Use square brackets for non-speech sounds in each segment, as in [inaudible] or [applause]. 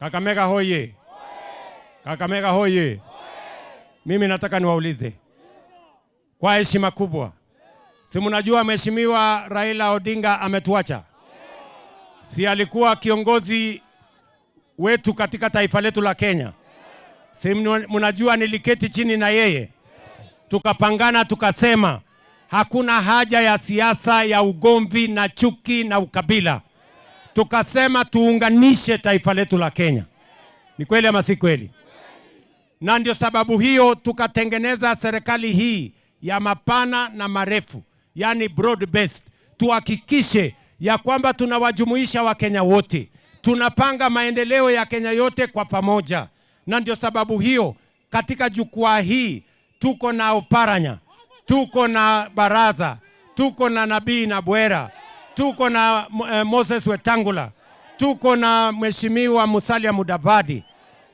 Kakamega hoye! Kakamega hoye! Mimi nataka niwaulize kwa heshima kubwa, si mnajua mheshimiwa Raila Odinga ametuacha? Si alikuwa kiongozi wetu katika taifa letu la Kenya? Si mnajua niliketi chini na yeye tukapangana, tukasema hakuna haja ya siasa ya ugomvi na chuki na ukabila tukasema tuunganishe taifa letu la Kenya. Ni kweli ama si kweli? Na ndio sababu hiyo tukatengeneza serikali hii ya mapana na marefu, yani broad based, tuhakikishe ya kwamba tunawajumuisha Wakenya wote, tunapanga maendeleo ya Kenya yote kwa pamoja. Na ndio sababu hiyo katika jukwaa hii tuko na Oparanya, tuko na Baraza, tuko na Nabii na Bwera tuko na eh, Moses Wetangula, tuko na Mheshimiwa Musalia Mudavadi,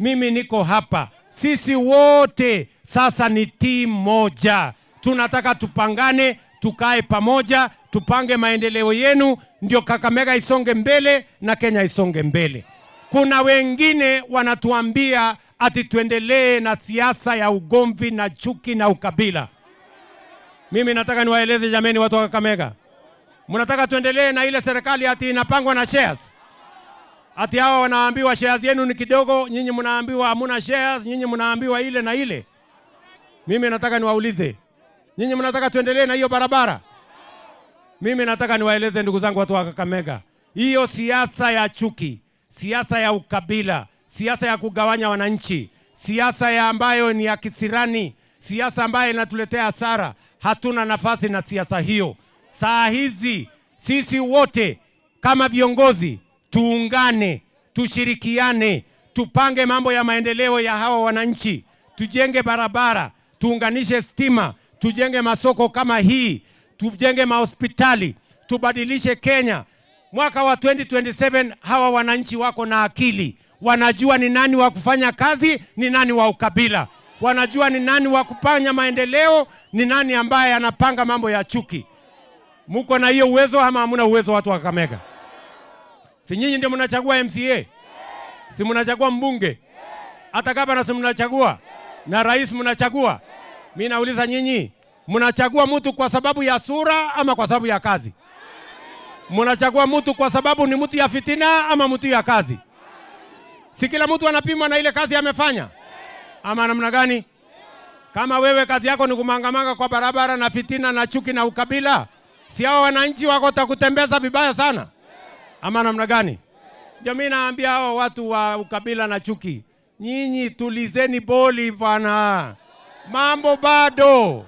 mimi niko hapa. Sisi wote sasa ni timu moja, tunataka tupangane, tukae pamoja, tupange maendeleo yenu, ndio Kakamega isonge mbele na Kenya isonge mbele. Kuna wengine wanatuambia ati tuendelee na siasa ya ugomvi na chuki na ukabila. Mimi nataka niwaeleze jameni, watu wa Kakamega Mnataka tuendelee na ile serikali ati inapangwa na shares? Ati hawa wanaambiwa shares yenu ni kidogo, nyinyi mnaambiwa hamuna shares, nyinyi mnaambiwa ile na ile. Mimi nataka niwaulize, nyinyi mnataka tuendelee na hiyo barabara? Mimi nataka niwaeleze ndugu zangu, watu wa Kakamega, hiyo siasa ya chuki, siasa ya ukabila, siasa ya kugawanya wananchi, siasa ya ambayo ni ya kisirani, siasa ambayo inatuletea hasara, hatuna nafasi na siasa hiyo saa hizi sisi wote kama viongozi tuungane, tushirikiane, tupange mambo ya maendeleo ya hawa wananchi, tujenge barabara, tuunganishe stima, tujenge masoko kama hii, tujenge mahospitali, tubadilishe Kenya. Mwaka wa 2027 hawa wananchi wako na akili, wanajua ni nani wa kufanya kazi, ni nani wa ukabila, wanajua ni nani wa kupanya maendeleo, ni nani ambaye anapanga mambo ya chuki. Muko na hiyo uwezo ama hamuna uwezo watu wa Kakamega? Si nyinyi ndio mnachagua MCA? Si mnachagua mbunge? Hata gavana si mnachagua? Na rais mnachagua? Mimi nauliza nyinyi, mnachagua mtu kwa sababu ya sura ama kwa sababu ya kazi? Mnachagua mtu kwa sababu ni mtu ya fitina ama mtu ya kazi? Si kila mtu anapimwa na ile kazi amefanya ama namna gani? Kama wewe kazi yako ni kumangamanga kwa barabara na fitina na chuki na ukabila si hao wananchi wako takutembeza vibaya sana ama namna gani? Jamii, naambia hao watu wa ukabila na chuki, nyinyi tulizeni boli bwana, mambo bado.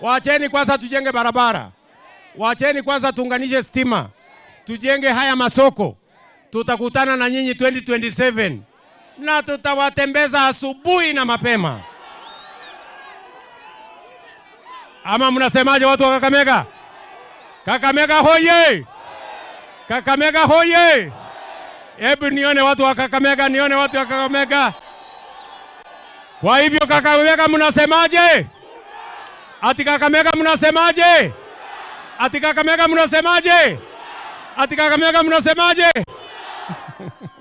Wacheni kwanza tujenge barabara, wacheni kwanza tuunganishe stima, tujenge haya masoko. Tutakutana na nyinyi 2027 na tutawatembeza asubuhi na mapema, ama mnasemaje watu wa Kakamega? Kakamega hoye! Kakamega hoye! Hebu nione watu wa Kakamega, nione watu wa Kakamega. Kwa hivyo Kakamega mnasemaje? Ati Kakamega mnasemaje? Ati Kakamega mnasemaje? Ati Kakamega mnasemaje? [laughs]